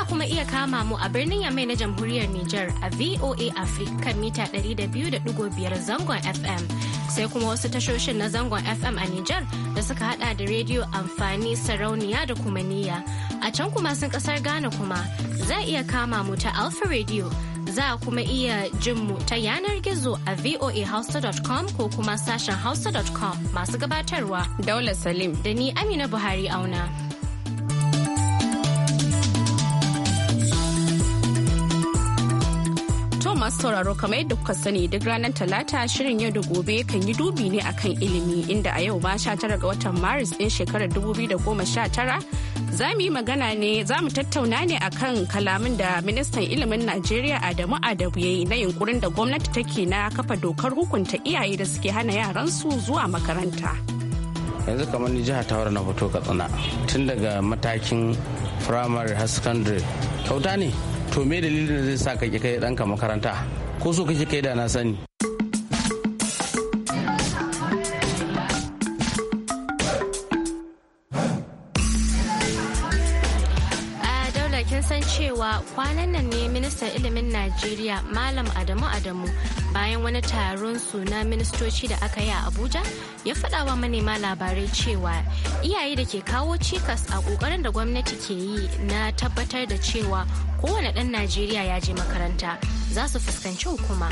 za kuma iya kama mu a birnin Yamai na Jamhuriyar Nijar a VOA Africa kan mita 200.5 zangon FM. Sai kuma wasu tashoshin na zangon FM a Nijar da suka hada da rediyo amfani sarauniya da kuma niyya. A can kuma sun kasar Ghana kuma za iya kama mu ta alfa rediyo Za a kuma iya jin mu ta yanar gizo a voahausa.com ko kuma sashen hausa.com masu gabatarwa. Daula Salim. Da ni Amina Buhari auna. masu sauraro kamar yadda kuka sani duk ranar talata shirin yau da gobe kan yi dubi ne akan ilimi inda a yau sha 19 ga watan maris ɗin shekarar dubu da 2019 za mu yi magana ne za mu tattauna ne akan kalamin da ministan ilimin najeriya adamu adabu ya yi na yunkurin da gwamnati take na kafa dokar hukunta iyaye da suke hana yaransu zuwa makaranta. yanzu kamar ni jihar tawar na fito katsina tun daga matakin firamare har secondary kyauta ne to me dalilin da zai sa ka kai ɗanka makaranta ko so kake kai da na sani kwanan nan ne ministan ilimin Najeriya Malam Adamu Adamu bayan wani taron su na ministoci da aka yi a Abuja ya faɗa wa manema labarai cewa iyaye da ke kawo cikas a ƙoƙarin da gwamnati ke yi na tabbatar da cewa kowane ɗan Najeriya ya je makaranta za su fuskanci hukuma.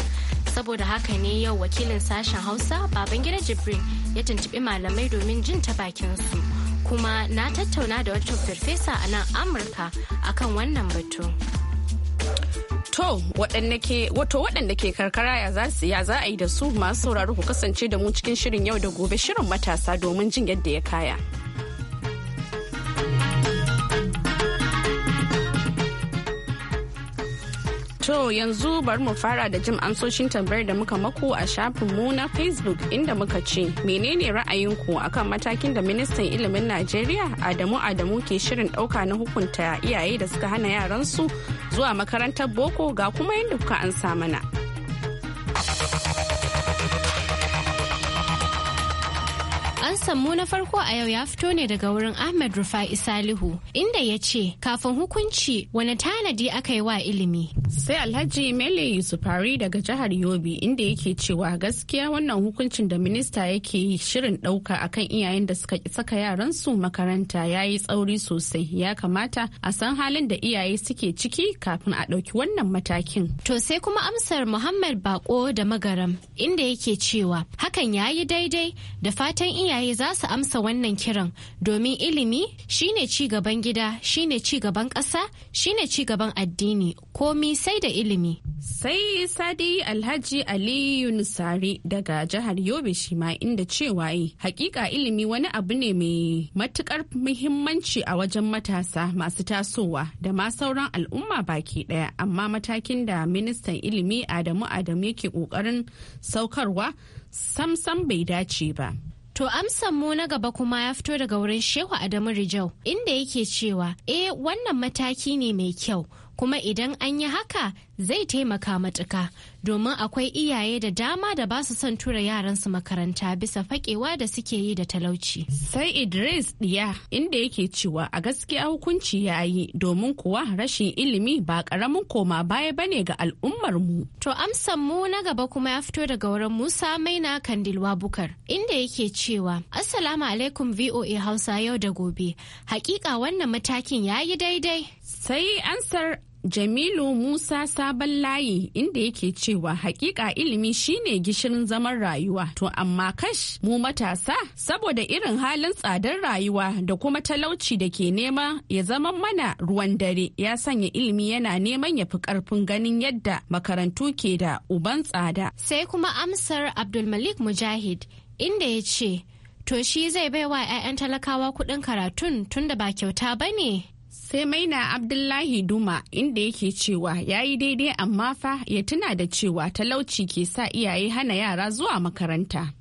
Saboda haka ne yau wakilin sashen Hausa Babangida Jibrin ya tuntuɓi malamai domin jin ta bakin su. kuma na tattauna da wata farfesa a nan amurka akan wannan batu To, wato waɗanda ke karkara ya za su ya za a yi da su masu sauraro ku kasance da mu cikin shirin yau da gobe shirin matasa domin jin yadda ya kaya. To yanzu bari mu fara da jin amsoshin tambayar da muka mako a shafinmu na Facebook inda muka ce menene ra'ayinku akan matakin da ministan ilimin Najeriya Adamu Adamu ke shirin dauka na hukunta iyaye da suka hana yaransu zuwa makarantar boko ga kuma yadda kuka ansa mana. an mu na farko a yau ya fito ne daga wurin Ahmed Rufai Salihu inda ya ce kafin hukunci wani tanadi aka yi wa ilimi. Sai Alhaji Mele Yusufari daga jihar Yobe inda yake cewa gaskiya wannan hukuncin da minista yake shirin ɗauka akan iyayen da suka saka yaran su makaranta ya yi tsauri sosai ya kamata a san halin da iyaye suke ciki kafin a ɗauki wannan matakin. To sai kuma amsar Muhammad Bako da Magaram inda yake cewa hakan ya yi daidai da fatan iyaye iyaye za su amsa wannan kiran domin ilimi shine ci gaban gida shine ci gaban ƙasa shine ci gaban addini komi sai da ilimi. Sai Sadi Alhaji Ali Yunusari daga jihar Yobe shi ma inda cewa hakika ilimi wani abu ne mai matukar muhimmanci a wajen matasa masu tasowa da ma sauran al'umma baki daya amma matakin da ministan ilimi Adamu Adamu yake kokarin saukarwa sam sam bai dace ba. To amsan mu na gaba kuma ya fito daga wurin Shehu Adamu Rijau inda yake cewa eh wannan mataki ne mai kyau kuma idan an yi haka zai taimaka matuka domin akwai iyaye da dama da ba su son tura yaran su makaranta bisa fakewa da suke yi da talauci. Sai Idris Diya inda yake cewa a gaskiya hukunci ya yi domin kuwa rashin ilimi ba karamin koma baya bane ga al'ummar mu. To amsan mu na gaba kuma ya fito daga wurin Musa Maina Kandilwa Bukar inda yake cewa Assalamu alaikum VOA Hausa yau da gobe. Hakika wannan matakin ya yi daidai. Sai ansar Jamilu Musa Sabon Layi inda yake cewa hakika ilimi shine gishirin zaman rayuwa to amma kash mu matasa saboda irin halin tsadar rayuwa da kuma talauci da ke nema ya zama mana ruwan dare ya sanya ilimi yana neman ya fi karfin ganin yadda makarantu ke da uban tsada. Sai kuma amsar Abdulmalik Mujahid inda ya ce to shi zai baiwa 'ya'yan talakawa kuɗin karatun tunda ba kyauta bane. sai maina abdullahi duma inda yake cewa ya yi daidai amma fa ya tuna da cewa talauci ke sa iyaye hana yara zuwa makaranta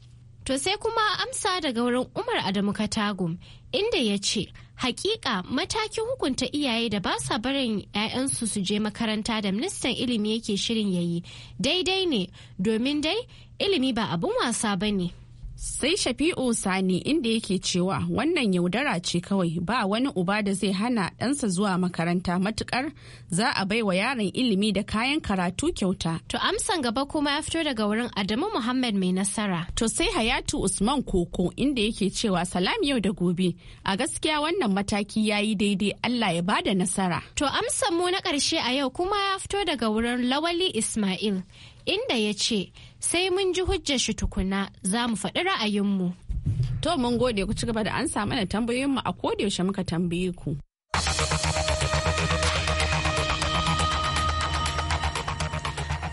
to sai kuma amsa daga wurin umar adamu katagum inda ya ce hakika matakin hukunta iyaye da ba sa barin 'ya'yansu su je makaranta da ministan ilimi yake shirin yayi daidai ne domin dai ilimi ba abin wasa ba ne sai shafi'u sani inda yake cewa wannan yaudara ce kawai ba wani uba da zai hana ɗansa zuwa makaranta matukar za a baiwa yaron ilimi da kayan karatu kyauta to amsan gaba kuma ya fito daga wurin adamu muhammad mai nasara to sai hayatu usman koko inda yake cewa salam yau da gobe a gaskiya wannan mataki ya yi daidai allah ya bada nasara to amsan mu na ƙarshe a yau kuma ya fito daga wurin lawali ismail inda ya ce sai mun ji hujjar shi tukuna za mu faɗi ra'ayinmu. To mun gode ku ci gaba da an samu tambayoyin tambayoyinmu a yaushe muka tambaye ku.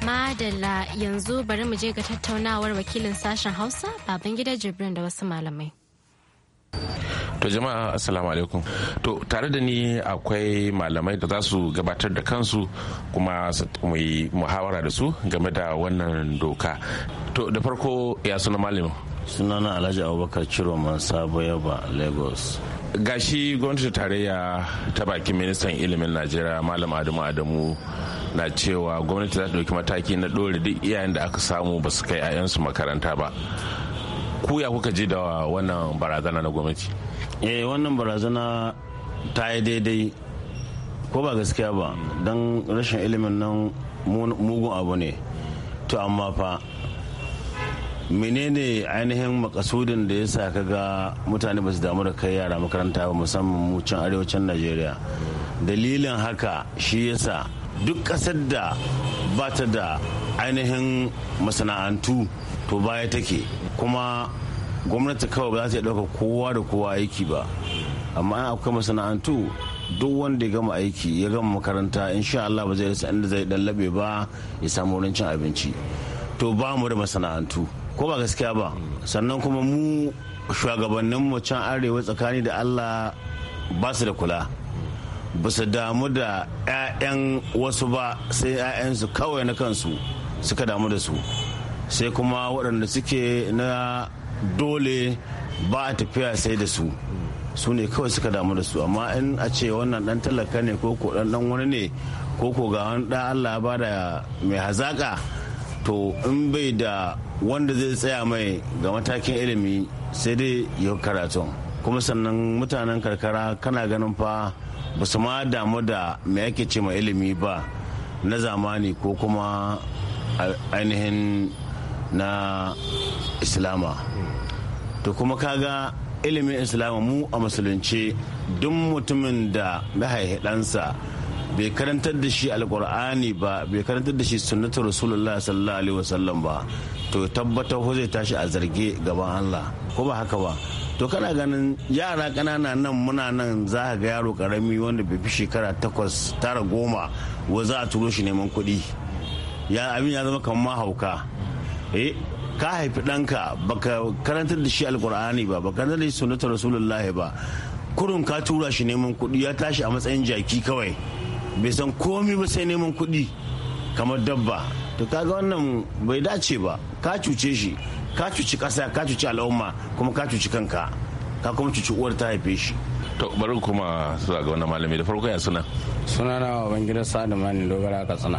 Madalla yanzu bari mu je ga tattaunawar wakilin sashen Hausa Babangida Jibrin da wasu malamai. To jama'a assalamu alaikum. To tare da ni akwai malamai da za su gabatar da kansu kuma su yi muhawara da su game da wannan doka. To da farko ya suna malamin. Sunana Alhaji Abubakar man Sabo Yaba Lagos. gashi gwamnati tarayya ta baki ministan ilimin najeriya malam adamu adamu na cewa gwamnati za ta ɗauki mataki na ɗore duk iyayen da aka samu ba su kai 'ya'yansu makaranta ba ku ya kuka ji da wannan barazana na gwamnati eh wannan barazana ta yi daidai ko ba gaskiya ba don rashin ilimin nan mugun abu ne to amma fa menene ainihin makasudin da ya sa ga mutane ba su damu da kai yara makaranta ba musamman mu can arewacin najeriya dalilin haka shi yasa duk ƙasar da ba ta da ainihin masana'antu to baya take kuma gwamnati kawai ba za ta ɗauka kowa da kowa aiki ba amma an akwai masana'antu duk wanda ya gama aiki ya gama makaranta insha Allah ba zai rasa inda zai dan labe ba ya samu wurin cin abinci to ba mu da masana'antu ko ba gaskiya ba sannan kuma mu shugabannin mu can arewa tsakani da Allah ba su da kula ba su damu da 'ya'yan wasu ba sai 'ya'yansu kawai na kansu suka damu da su sai kuma waɗanda suke na dole ba a tafiya sai da su su ne kawai suka damu da su amma in a ce wannan dan talaka ne ko ko dan dan wani ne ko ko ga wani dan Allah ba da mai hazaka to in bai da wanda zai tsaya mai ga matakin ilimi sai dai ya karatu kuma sannan mutanen karkara kana ganin fa ba su ma damu da mai ake ce ilimi ba na zamani ko kuma ainihin na islama to kuma kaga ilimin islama mu a musulunci duk mutumin da na haihi ɗansa bai karantar da shi alkur'ani ba bai karantar da shi sunnatar rasulullah sallallahu alaihi wasallam ba to tabbatar ko zai tashi a zarge gaban allah ko ba haka ba to kana ganin yara ƙanana nan muna nan za ka ga yaro karami wanda bai fi shekara takwas tara goma wa za a turo shi neman kuɗi ya abin ya zama kamar hauka eh, ka haifi ɗanka baka karantar da shi alkur'ani ba baka karantar da shi sunnatar rasulullahi ba kurun ka tura shi neman kuɗi ya tashi a matsayin jaki kawai bai san komi ba sai neman kuɗi kamar dabba to kaga wannan bai dace ba ka cuce shi ka cuci ƙasa ka cuci al'umma kuma ka cuci kanka ka kuma cuci uwar ta haife shi to bari kuma zuwa ga wani malami da farko ya suna sunana bangida sa'adu mani dogara ka katsina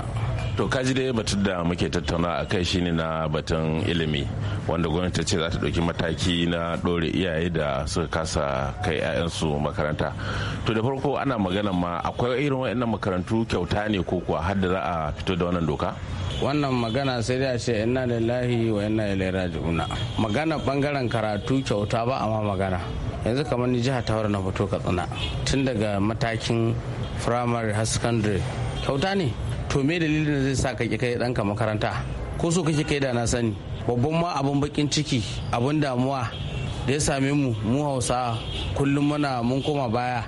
to kaji dai batun da muke tattauna a kai shine na batun ilimi wanda gwamnati ce za ta ɗauki mataki na ɗore iyaye da suka kasa kai 'ya'yansu makaranta to da farko ana magana ma akwai irin waɗannan makarantu kyauta ne ko kuwa har da za a fito da wannan doka wannan magana sai dai a ce inna lillahi wa inna ilaihi raji'un magana bangaren karatu kyauta ba amma magana yanzu kamar ni jiha tawar na fito katsina tun daga matakin firamare har secondary kyauta ne to me dalilin da zai sa ka kai ɗanka makaranta ko so kake kai da na sani babban ma abin bakin ciki abun damuwa da ya same mu mu hausa kullum muna mun koma baya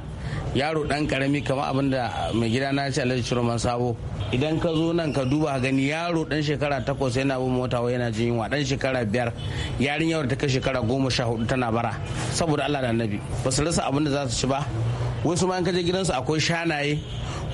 yaro dan karami kamar abin da mai gida na ce alhaji shirman sabo idan ka zo nan ka duba gani yaro dan shekara takwas yana bin mota wai yana jin yunwa dan shekara biyar yarinyar da ta kai shekara goma sha hudu tana bara saboda allah da annabi ba rasa abin da za su ci ba wasu ma in ka je gidansu akwai shanaye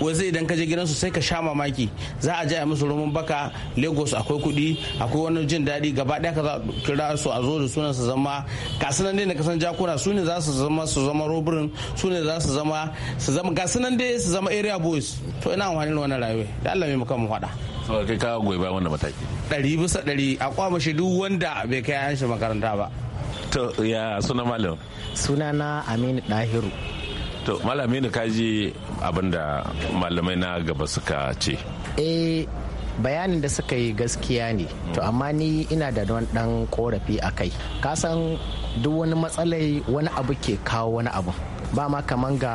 wasu idan ka je gidansu sai ka sha mamaki za a jaya musu roman baka lagos akwai kuɗi akwai wani jin daɗi gaba ɗaya ka kira su a zo da sunan su zama kasunan dai na kasan jakuna su ne za su zama su zama robirin su ne za su zama su zama gasunan dai su zama area boys to ina amfani da wannan rayuwa da Allah mai muka mu saboda kai ka goyi bayan wannan mataki. ɗari bisa ɗari a shi duk wanda bai kai an shi makaranta ba. to ya suna malam. suna na aminu ɗahiru. to malami ne kaji abinda malamai na gaba suka ce eh bayanin da suka yi gaskiya ne to amma ni ina da don dan korafi a kai kasan duk wani matsalai wani abu ke kawo wani abu ba ma kaman ga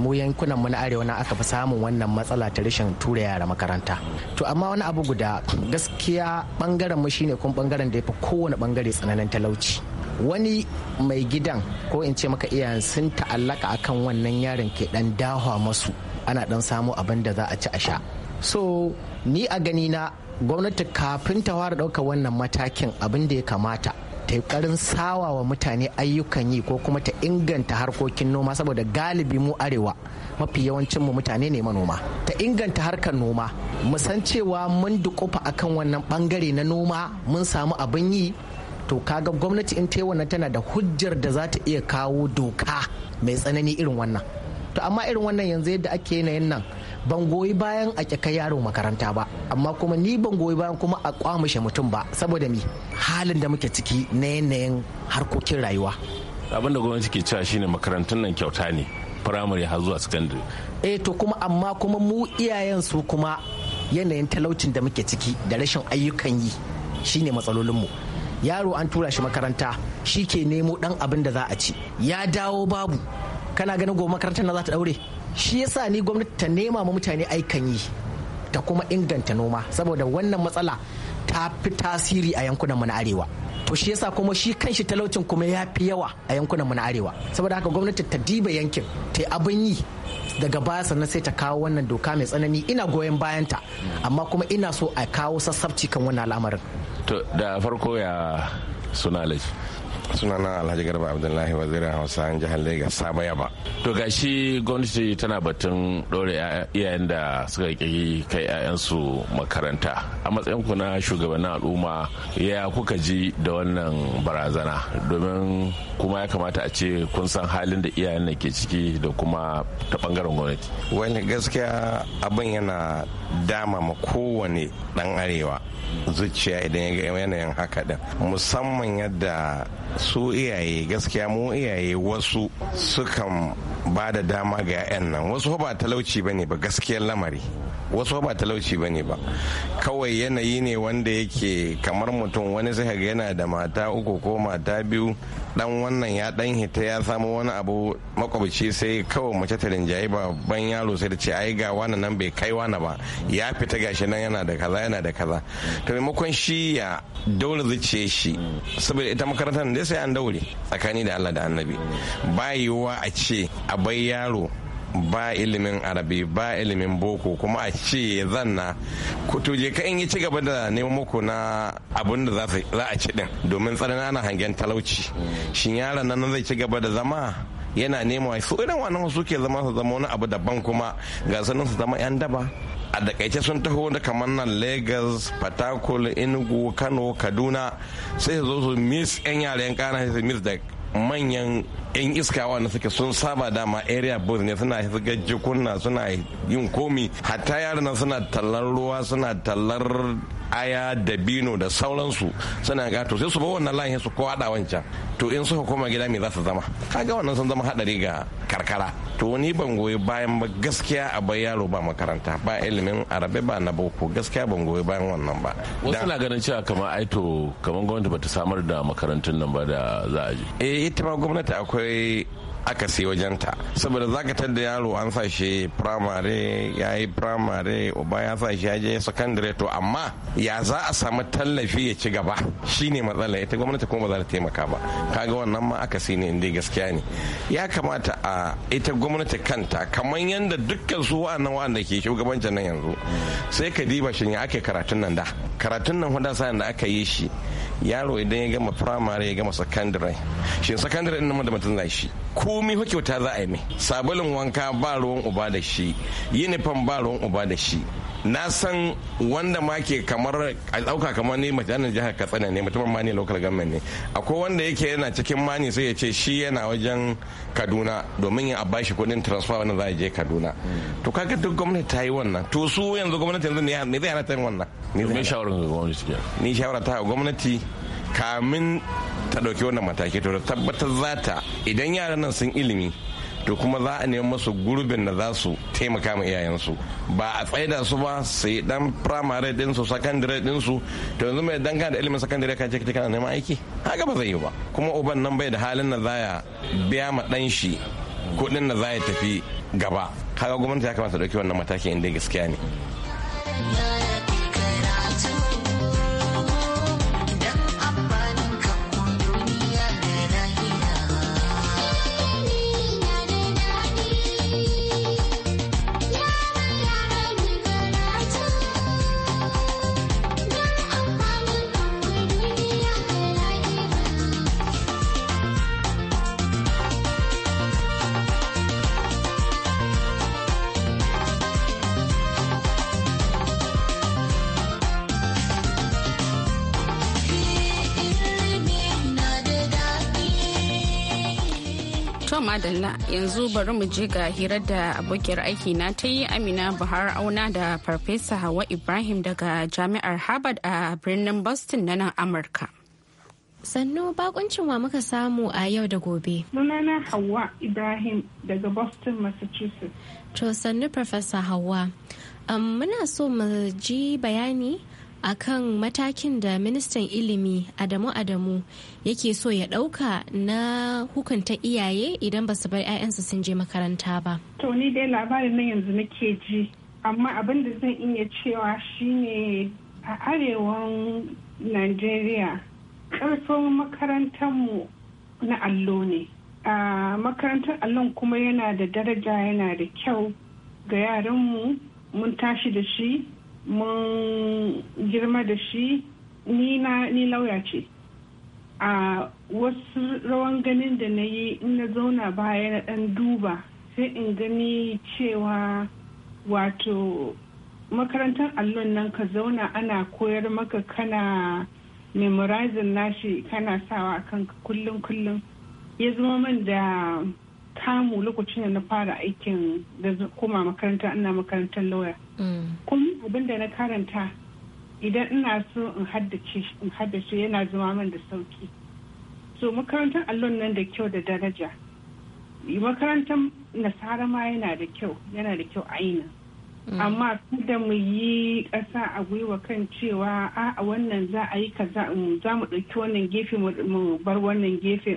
mu yankunan mu na arewa na aka fi samun wannan matsala ta rashin tura yara makaranta to amma wani abu guda gaskiya bangaren mu shine kun bangaren da ya fi kowane bangare tsananin talauci wani mai gidan ko in ce maka iyayen sun ta'allaka akan wannan yaron ke dan dahwa masu ana dan samu abin da za a ci a sha so ni a gani na gwamnati kafin ta fara ɗauka wannan matakin abin da ya kamata ta yi karin sawa wa mutane ayyukan yi ko kuma ta inganta harkokin noma saboda galibi mu arewa mafi yawancin mu mutane ne manoma ta inganta harkar noma mu san cewa mun dukufa akan wannan bangare na noma mun samu abin yi to kaga gwamnati in ta yi wannan tana da hujjar da za ta iya kawo doka mai tsanani irin wannan to amma irin wannan yanzu yadda ake yanayin nan ban goyi bayan a kai yaro makaranta ba amma kuma ni ban goyi bayan kuma a kwamishe mutum ba saboda mi halin da muke ciki na yanayin harkokin rayuwa abin da gwamnati ke cewa shine makarantun nan kyauta ne firamare har zuwa sakandare eh to kuma amma kuma mu iyayen su kuma yanayin talaucin da muke ciki da rashin ayyukan yi shine matsalolinmu mu yaro an tura shi makaranta shi ke nemo dan abin da za a ci ya dawo babu kana ganin gobe makarantar na za ta daure shi yasa ni gwamnati ta nema ma mutane aikan yi ta kuma inganta noma saboda wannan matsala ta fi tasiri a yankunan mu na arewa to shi yasa kuma shi kanshi talaucin kuma ya fi yawa a yankunan mu na arewa saboda haka gwamnati ta diba yankin ta yi abin yi daga baya sannan sai ta kawo wannan doka mai tsanani ina goyon bayanta amma kuma ina so a kawo sassabci kan wannan al'amarin to da farko ya suna laifi sunana alhaji garba abdullahi wazirin hausa an jihar lagos sabo yaba to shi gwamnati tana batun ɗore iyayen da suka ƙi kai 'ya'yansu makaranta a matsayin ku na shugabannin al'umma ya kuka ji da wannan barazana domin kuma ya kamata a ce kun san halin da iyayen da ke ciki da kuma ta bangaren gwamnati wani gaskiya abin yana dama ma kowane dan arewa zuciya idan ya ga yanayin haka din musamman yadda su iyaye gaskiya mu iyaye wasu sukan ba da dama ga 'yan nan wasu ba talauci ba ne ba gaskiyar lamari wasu ba talauci ba ne ba kawai yanayi ne wanda yake kamar mutum wani sai ga yana da mata uku ko mata biyu dan wannan ya dan hita ya samu wani abu makwabci sai kawai mace ta rinjaye babban yaro sai da ce ai ga wani nan bai kai wani ba ya fita gashi nan yana da kaza yana da kaza to maimakon shi ya daure zuciye shi saboda ita makarantar da sai an daure tsakani da Allah da Annabi ba yiwuwa a ce a bai yaro ba ilimin arabi ba ilimin boko kuma a ce zanna to je ka in yi ci gaba da neman muku na abin da za a ci din domin tsarin na hangen talauci shin yaron nan zai ci gaba da zama yana nema su irin wannan wasu ke zama su zama wani abu daban kuma ga sanin su zama yan daba a daƙaice sun taho da kamar nan lagos patakul enugu kano kaduna sai su zo su miss yan yaren yan kana su miss da manyan 'yan iskawa na suke sun saba dama area boys ne suna shiga jikunna suna yin komi hatta yaran suna tallar ruwa suna tallar aya da bino da sauransu suna to sai su ba wannan layin su ko wancan to in suka koma gida me za su zama kaga wannan sun zama hadari ga karkara to ni ban goyi bayan ba gaskiya a bai yaro ba makaranta ba ilimin arabe ba na boko gaskiya ban goyi bayan wannan ba wasu na ganin cewa kamar to kamar gwamnati bata samar da makarantun nan ba da za a je eh ita ma gwamnati akwai aka sai wajenta saboda zaka tar da yaro an sa shi primary ya yi primary uba ya sa shi ya je secondary to amma ya za a samu tallafi ya ci gaba Shi ne matsala ita gwamnati kuma ba za ta taimaka ba kaga wannan ma aka ne inda gaskiya ne ya kamata a ita gwamnati kanta kamar yadda dukkan su wa'annan wa'anda ke shugabancin nan yanzu sai ka diba shi ne ake karatun nan da karatun nan hudasa da aka yi shi yaro idan ya gama firamare ya gama sakandare shi sakandare din da mutum zai shi komi hukyauta za a yi mai sabulin wanka ba ruwan uba da shi yinifom ba ruwan uba da shi na san wanda ma ke kamar a dauka kamar ne mutanen jihar katsina ne mutumin mani local government ne akwai wanda yake yana cikin mani sai ya ce shi yana wajen kaduna domin ya bashi kudin transfer wanda za a je kaduna to kaga duk gwamnati ta yi wannan to su yanzu gwamnati yanzu ne zai hana ta yin wannan ni shawara ga gwamnati ni shawara ta gwamnati kamin ta dauki wannan mataki to tabbatar za ta idan yaran nan sun ilimi to kuma za a nemi masu gurbin da za su taimaka ma iyayensu ba a tsaida su ba sai dan primary din su secondary din su to yanzu mai danga da ilimin secondary kan cikin kana neman aiki haka ba zai yi ba kuma uban nan bai da halin da zaya biya ma dan shi kuɗin da zaya tafi gaba kaga gwamnati ya kamata ta dauki wannan matakin inda gaskiya ne madalla yanzu bari mu je ga hirar da abokiyar aiki na ta yi amina buhar auna da farfesa hawa ibrahim daga jami'ar harvard a birnin boston na nan amurka sannu bakuncin wa muka samu a yau da gobe sunana hawa ibrahim daga boston massachusetts to sannu farfesa hawa muna so mu ji bayani akan matakin da ministan ilimi Adamu Adamu yake so ya ɗauka na hukunta iyaye idan ba su bar 'ya'yansu sun je makaranta ba. To ni dai labarin nan yanzu nake ji, amma abin da zan iya cewa shine a arewan Najeriya ƙarfin makarantarmu na allo ne. A makarantar allon kuma yana da daraja yana da kyau ga yaranmu mun tashi da shi mun girma da shi ni na ni lauya ce a wasu rawan ganin da na yi in na zauna baya na dan duba sai in gani cewa wato makarantar allon nan ka zauna ana koyar maka kana memorizing nashi kana sawa kan kullum kullum ya zama man da kamu lokacin da na fara aikin da koma makaranta ana makarantar lauya. Mm. kuma abin da na karanta idan ina so in haddace yana zama min da sauki so makarantar allon nan da kyau da daraja makarantar nasara ma yana da kyau yana da kyau aina mm. amma da mu yi ƙasa a gwiwa kan cewa a wannan za a yi kaza za mu ɗauki wannan gefe mu bar wannan gefe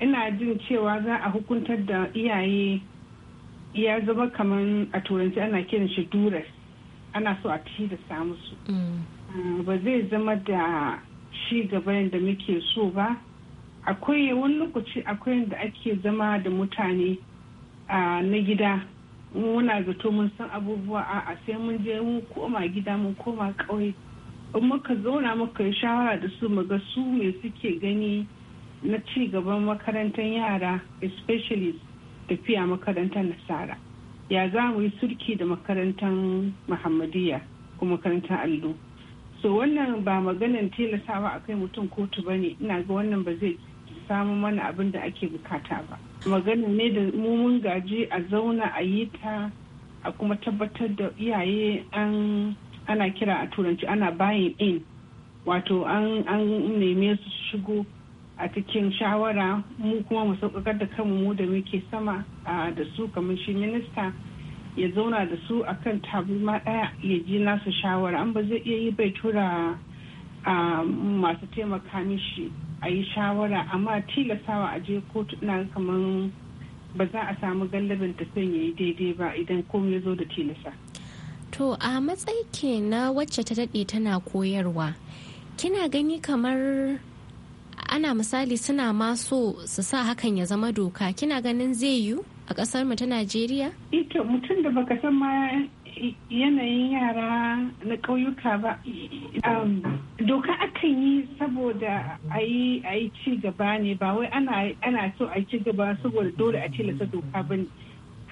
ina jin cewa za a hukuntar da iyaye ya zama kamar a turanci ana kiran shi duras ana so a da samu su ba zai zama da shi gaba da muke so ba akwai wani lokaci akwai yadda ake zama da mutane ah, na gida muna zato mun san abubuwa a sai mun je mun koma gida mun koma ƙauye in muka zauna muka yi shawara da su muga su me suke gani na ci gaban makarantar yara especially tafiya makarantar nasara ya za mu yi sulki da makarantar muhammadiyya ko makarantar allo so wannan ba maganan tilasawa akai mutum kotu ba ne ina ga wannan ba zai samu mana abin da ake bukata ba magana ne da mumun gaji a zauna a yi ta a kuma tabbatar da iyaye an ana kira a turanci ana bayin in wato an neme su shigo a cikin shawara mu kuma mu sauƙaƙar da kanmu mu da muke sama da su kamar shi minista ya zauna da su a kan taburma ɗaya ya ji nasu shawara an ba zai iya yi bai tura masu taimaka mishi a yi shawara amma tilasawa a je kotu ina kamar ba za a samu gallabin tafiyan ya yi daidai ba idan komai ya zo da tilasa. To a matsayi na wacce ta daɗe tana koyarwa, kina gani kamar ana misali suna ma so su sa hakan ya zama doka kina ganin zai yiwu a kasar mu ta najeriya ita eh mutum da baka san ma yanayin yara na ƙauyuka ba um, doka akan yi saboda a yi ci gaba ne ba wai ana so a ci gaba saboda dole a tilasta doka ba ne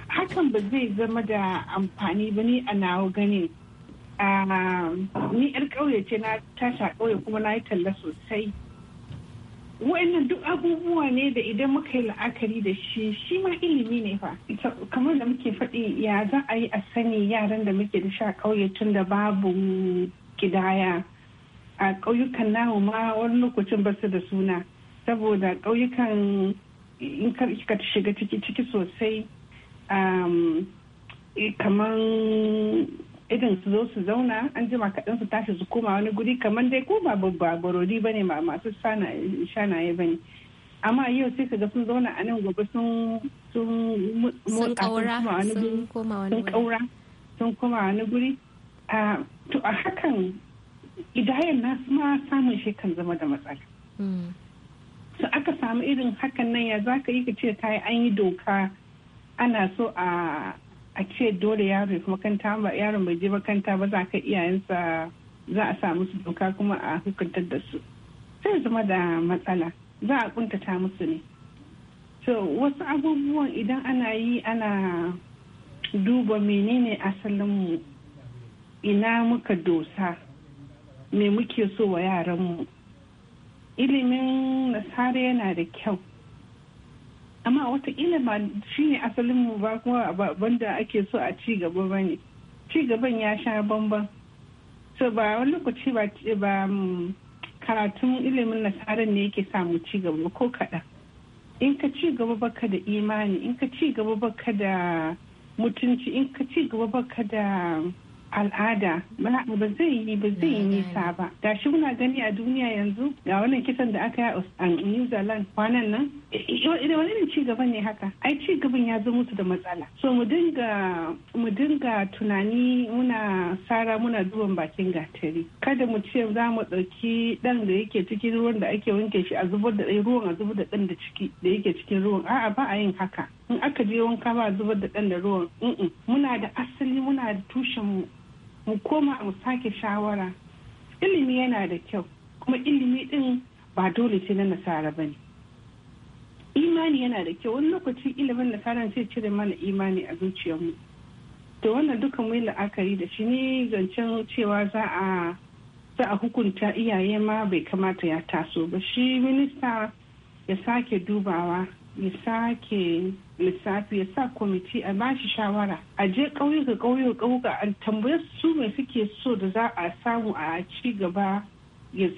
hakan ba zai zama da amfani ba ni a nawa gani um, ni yar ƙauye ce na tasha ƙauye kuma na yi talla sosai Wannan duk abubuwa ne da idan muka yi la'akari da shi shi ma ilimi ne fa kamar da muke faɗi ya za a yi a sani yaran da muke da sha ƙauye tun da babu kidaya a ƙauyukan namu ma wani lokacin ba su da suna saboda ƙauyukan in ka shiga ciki ciki sosai eh, kamar idan su zo su zauna an jima kaɗan su tashi su koma wani guri kamar dai ko ba barori ba ne ba masu shanaye ba ne amma yau sai ka ga sun zauna a nan gobe sun sun sun koma wani guri to a hakan idayen nasu ma samun shi zama da matsala su hmm. aka samu irin hakan nan ya za ka yi ka ce ta yi an yi doka ana so a a ce dole yaro ya kuma kanta ba yaron bai je makanta ba za ka iyayensa za a sa musu doka kuma a hukuntar da su sai zama da matsala za a kuntata musu ne so wasu abubuwan idan ana yi ana duba menene asalinmu ina muka dosa me muke so wa yaranmu ilimin nasara yana da kyau amma watakila ba shi ne asalin mu ba kuma banda ake so a ci gaba ba ne ci gaban ya sha bamban so ba wani lokaci ba mm, karatun ilimin nasarar ne yake samu ci gaba ko kaɗan in ka ci gaba baka da imani in ka ci gaba baka da mutunci in ka ci gaba baka da al'ada ba zai yi ba zai yi nisa ba da shi muna gani a duniya yanzu ga wannan kisan da aka yi a new zealand kwanan nan idan wani irin cigaba ne haka ai ci gaban ya zo musu da matsala so mu dinga tunani muna sara muna duban bakin gatari kada mu ce za mu ɗauki ɗan da yake cikin ruwan da ake wanke shi a zubar da ruwan a zubar da ɗan da ciki da yake cikin ruwan a'a ba a yin haka in aka je wanka ba zubar da ɗan da ruwan muna da asali muna da tushen mu koma mu sake shawara ilimi yana da kyau kuma ilimi ɗin ba dole ce na nasara ba ne imani yana da kyau wani lokaci ilimin nasara sai cire mana imani a zuciyarmu to wannan duka mai la'akari da shi ne zancen cewa za a za a hukunta iyaye ma bai kamata ya taso ba shi minista ya sake dubawa ya sake lissafi ya sa kwamiti a shi shawara a je ƙauyuka ga ƙauyuka a tambayar su mai suke so da za a samu a ci gaba ya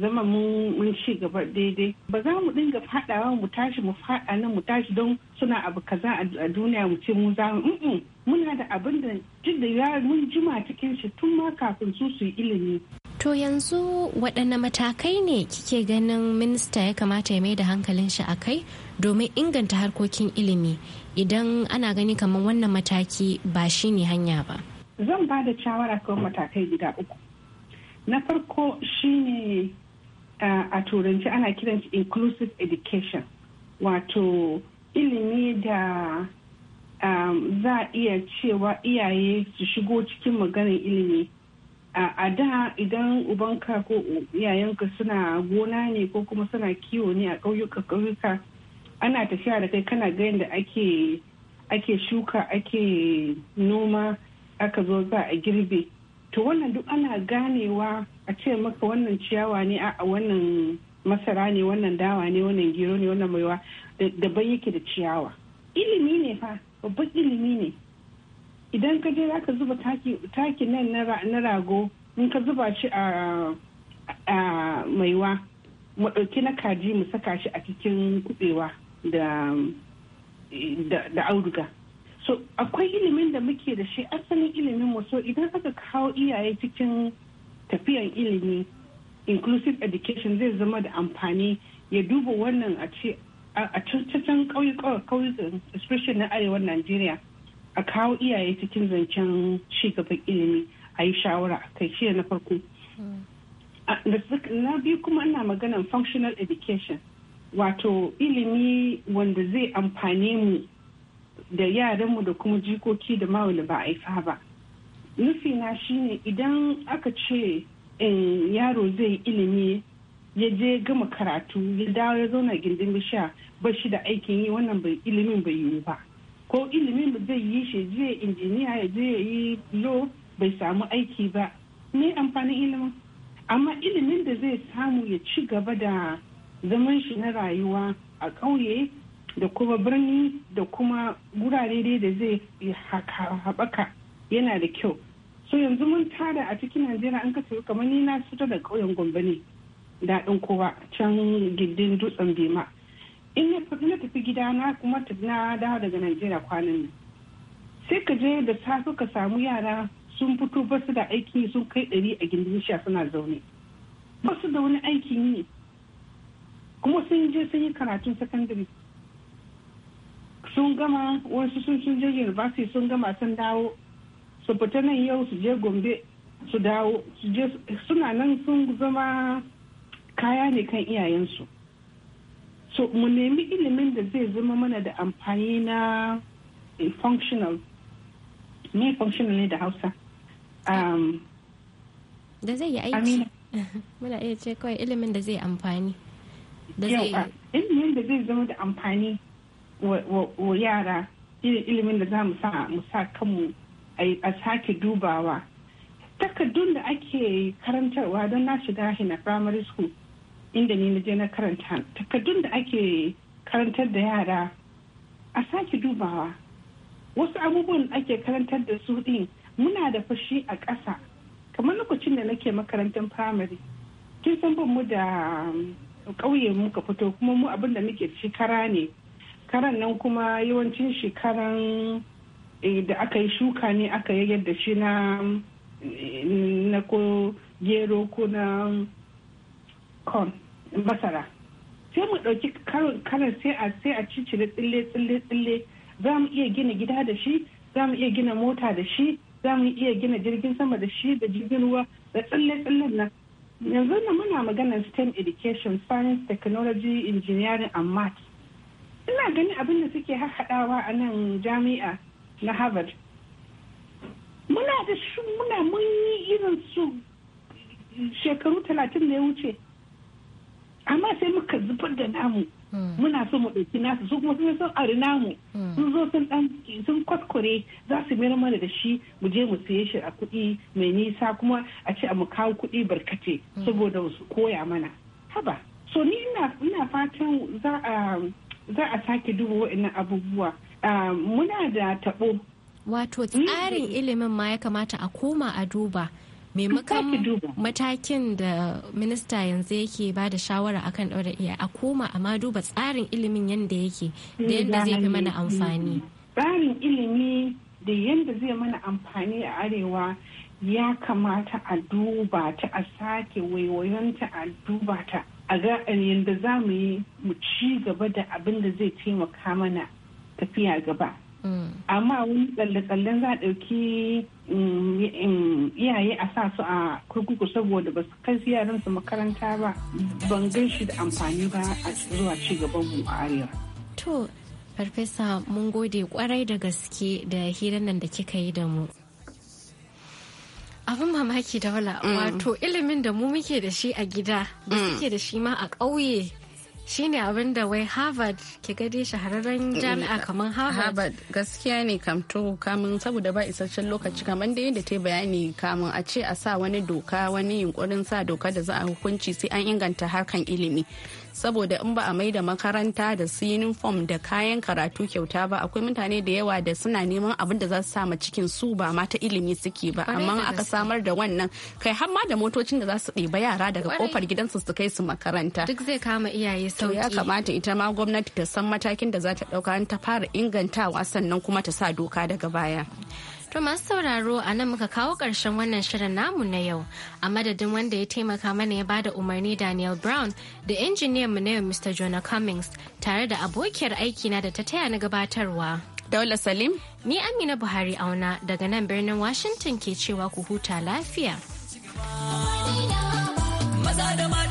zama mun ci gaba daidai ba za mu dinga fadawa mu tashi mu fada nan mu tashi don suna abu kaza a duniya mu ce mu za mu muna da abin da jin da mun jima cikin shi tun ma kafin su su yi ilimi To yanzu waɗanne matakai ne kike ganin minista ya kamata ya mai da hankalin shi a kai domin inganta harkokin ilimi idan ana gani kamar wannan mataki ba shi ne hanya ba? Zan ba da shawara kan matakai gida uku. Na farko shi ne a turanci ana kiran shi inclusive education wato ilimi da za a iya cewa iyaye su shigo cikin maganin ilimi. a da idan ubanka ko iyayenka suna gona ne ko kuma suna kiwo ne a ƙauyuka ƙauyuka ana tafiya da kai kana ga yadda ake ake shuka ake noma aka zo za a girbe to wannan duk ana ganewa a ce maka wannan ciyawa ne a wannan masara ne wannan dawa ne wannan gero ne wannan maiwa daban yake da ciyawa ilimi ne fa babban ilimi ne idan ka je za ka zuba taki nan na rago in ka zuba shi a maiwa mu ɗauki na kaji mu saka shi a cikin kuɓewa da auduga so akwai ilimin da muke da shi asalin ilimin mu so idan aka kawo iyaye cikin tafiyan ilimi inclusive education zai zama da amfani ya duba wannan a ce a cancancan ƙauyukan especially na arewa najeriya a kawo iyaye cikin zancen gaban ilimi a yi shawara a kai shi na farko na biyu kuma ina maganan functional education wato ilimi wanda zai amfane mu da yaranmu da kuma jikoki da mawala ba a ba nufi na shine idan aka ce eh, yaro zai ilimi ya je gama karatu ya dawo ya zauna gindin bishiya ba shi da aikin yi wannan ilimin bai yiwu ba ko ilimin ba zai yi shi zai injiniya ya je ya yi lo bai samu aiki ba me amfanin ilimin amma ilimin da zai samu ya ci gaba da zaman shi na rayuwa a ƙauye da kuma birni da kuma gurare dai da zai haɓaka yana da kyau so yanzu mun tara a cikin najeriya an kasa kamar ni na fito da ƙauyen gombe ne daɗin kowa can gindin dutsen bema in ya fita na tafi gida na kuma na dawo daga najeriya kwanan nan sai ka je da safe ka samu yara sun fito ba su da aiki sun kai ɗari a gindin sha suna zaune ba su da wani aikin yi kuma sun je sun yi karatun sakandare sun gama wasu sun sun je university sun gama sun dawo su fita nan yau su je gombe su dawo suna nan sun zama kaya ne kan iyayensu so mu nemi ilimin da zai zama mana da amfani na eh, functional me functional ne da hausa um, da zai yi aiki muna iya ce kawai ilimin da zai amfani ah, ilimin da zai zama da amfani wa yara irin ilimin da za mu sa mu kanmu a sake dubawa takardun da ake karantarwa don na shiga na primary school inda ni na je na karanta takardun da ake karantar da yara a sake dubawa wasu abubuwan da ake karantar da su din muna da fashi a ƙasa kamar lokacin da nake makarantar firamare kin san ban mu da um, ƙauye muka fito kuma mu abin da muke ci kara ne karan nan kuma yawancin shekaran eh, da aka yi shuka ne aka yi yadda shi na eh, na ko gero ko na corn masara sai mu ɗauki karin sai a sai a cicire tsille tsille tsille za mu iya gina gida da shi za mu iya gina mota da shi za mu iya gina jirgin sama da shi da jirgin ruwa da tsille tsillen nan yanzu nan muna maganar stem education science technology engineering and math ina gani abin da suke haɗawa a nan jami'a na harvard muna da shi muna mun yi irin su shekaru talatin da ya wuce amma sai muka zubar da namu hmm. muna so mu ɗauki nasu su kuma sun san ari namu hmm. sun zo sun dan sun kwaskure za su mayar mana da shi mu je mu siye shi a kuɗi mai nisa kuma a ce mu kawo kuɗi barkace hmm. saboda su koya mana haba so ni ina fatan za a za a sake duba wa'annan abubuwa ah, muna da taɓo wato tsarin ilimin ma ya kamata a koma a duba maimakon matakin da minista yanzu yake ba da shawara akan ɗaura iya a koma amma duba tsarin ilimin yadda yake da yadda zai fi mana amfani tsarin ilimi da yadda zai mana amfani a arewa ya kamata a duba ta a sake waiwayonta a duba ta a ga yadda za mu yi mu ci gaba da abin da zai taimaka mana tafiya gaba mm. amma wani tsalle-tsallen za a ɗauki iyaye a sa su a kurkuku saboda ba su kai yaran su makaranta ba ban gan shi da amfani ba a zuwa ci gaban mu a arewa. To, Farfesa mun gode kwarai da gaske da hirar nan da kika yi da mu. abin mamaki da wala mm. wato ilimin da mu muke da shi a gida da mm. suke da shi ma a ƙauye shine abin da wai harvard ke gade shahararren jami'a kamar harvard gaskiya ne kamto kamun saboda ba isasshen lokaci kamar da yadda ta bayani kamun a ce a sa wani doka wani yunkurin sa doka da za a hukunci sai an inganta harkan ilimi saboda in ba a maida makaranta da su uniform da kayan karatu kyauta ba akwai mutane da yawa da suna neman abin da za su sama cikin su ba ma ta ilimi suke ba amma aka samar da wannan kai har ma da motocin da za su ɗeba yara daga kofar gidansu su kai su makaranta duk zai kama iyaye sauki ya kamata ita ma gwamnati ta san matakin da za ta ɗauka ta fara ingantawa sannan kuma ta sa doka daga baya To masu sauraro a nan muka kawo ƙarshen wannan shirin namu na yau. A madadin wanda ya taimaka mana ya bada umarni Daniel Brown da injiniyan mu na yau Mr. Jonah Cummings tare da abokiyar aikina da ta taya na gabatarwa. Daula Salim. Ni Amina Buhari auna daga nan birnin Washington ke cewa ku huta lafiya. Maza da